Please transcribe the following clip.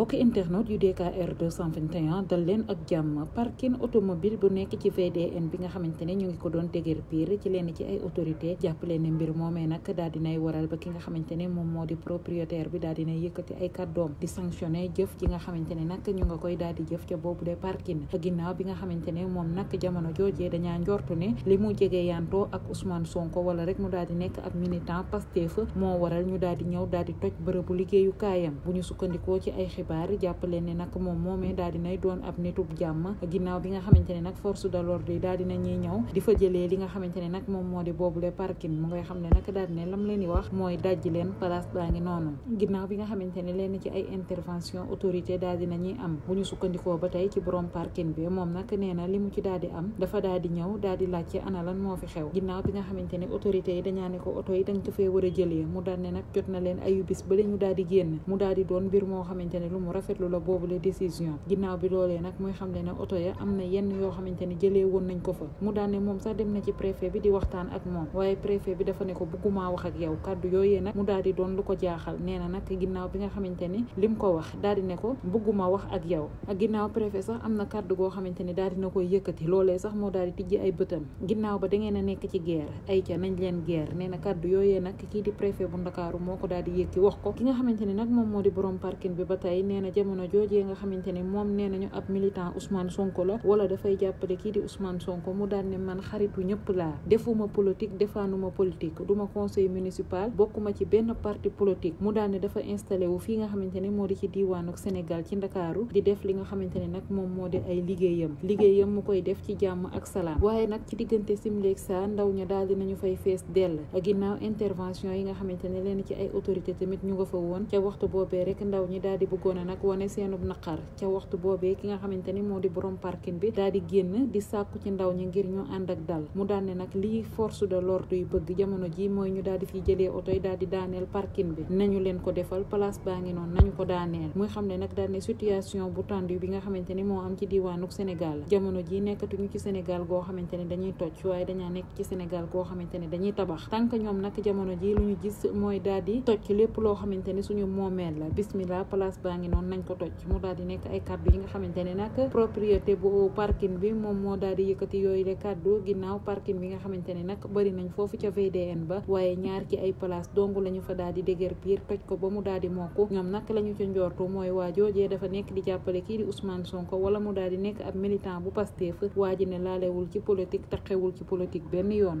mbokki internet yu DKR 221 dal leen ak jàmm parking automobile bu nekk ci VDN bi nga xamante ne ñu ngi ko doon dégër piir ci lenn ci ay autorité jàppale na mbir moomee nag daal dinay waral ba ki nga xamante ne moom moo di propriétaire bi daal dinay yëkkati ay kàddoom di sanctionné jëf ji nga xamante ne nag ñu nga koy daal di jëf ca boobu de parking ginnaaw bi nga xamante ne moom nag jamono joojee dañaa njortu ne li mu jege yantoo ak Ousmane Sonko wala rek mu daal di nekk ak militant Pastef moo waral ñu daal di ñëw daal di toj bërëbu liggéeyukaayam bu ñu sukkandikoo ay xibaar jàppale ne nag moom moomee daal dinay doon ab nitub jàmm ginnaaw bi nga xamante ne force de l'ordre yi daal dina ñuy ñëw di fa jëlee li nga xamante ne moom moo di boobule parking mu ngay xam ne nag daal dina lam leen di wax mooy dajji leen place baa ci ay intervention autorité daal dina ñuy am bu ñu sukkandikoo ba tey ci borom parking bi moom nag nee na li mu ci daal di am dafa daal di ñëw daal di laajte ana lan moo fi xew ginnaaw bi nga xamante ne autorité yi dañaa ne ko oto yi dañ ko fee war a lu mu rafetlu la boobule décision ginnaaw bi loolee nag mooy xam le ne oto ya am na yenn yoo xamante ne woon nañ ko fa mu daal moom sax dem na ci préfet bi di waxtaan ak moom ni lim ko wax daal di ne ko bëgguma wax ak yow ak ginnaaw moo di tijji a parking bi ba tey Ndiaye nee na jamono joojee nga xamante ne moom nee nañu ab militant Ousmane Sonko la wala dafay jàppale kii di Ousmane Sonko mu daan ne man xaritu ñëpp laa defuma politique defaanuma politique duma conseil municipal bokkuma ci benn parti politique mu daan ne dafa installé wu fii nga xamante ne moo di ci diiwaanu Sénégal ci Ndakaaru di def li nga xamante ne nag moom moo di ay liggéeyam liggéeyam mu koy def ci jàmm ak salaam waaye nag ci diggante Simleek saa ndaw ña daal dinañu fay fees dell a ginnaaw intervention yi nga xamante ne leen ci ay tamit ñu nga bëggoon a nag wane seenub naqar ca waxtu boobee ki nga xamante ni moo di borom parking bi daal di génn di sàkku ci ndaw ñi ngir ñu ànd ak dal mu daal ne nag lii force de l'ordre yu bëgg jamono ji mooy ñu daal di fiy jëlee oto yi daal di daaneel parking bi nañu leen ko defal place baa ngi noonu nañu ko daaneel muy xam ne nag daal ne situation bu tendu bi nga xamante ni moo am ci diiwaanuk Sénégal jamono ji nekkatuñu ci Sénégal goo xamante ne dañuy toj waaye dañaa nekk ci Sénégal goo xamante ne dañuy tabax tànk ñoom nag jamono ji lu ñu gis mooy daal di toj lépp loo xamante ni suñu moomeel la bismillah place baa ngi noon nañ ko toj mu daal di nekk ay kaddu yi nga xamante ne nag propriété bu parking bi moom moo daal yëkkati yooyu le kaddu ginnaaw parking bi nga xamante ne nag bëri nañ foofu ca VDN ba waaye ñaar ci ay place dong la ñu fa daal di dégër biir toj ko ba mu daal di mokk ñoom nag la ñu ca njortu mooy waajoojee dafa nekk di jàppale kii usmaan Ousmane Sonko wala mu daal di nekk ab militant bu Pastef waa ji ne laalewul ci politique taqewul ci politique benn yoon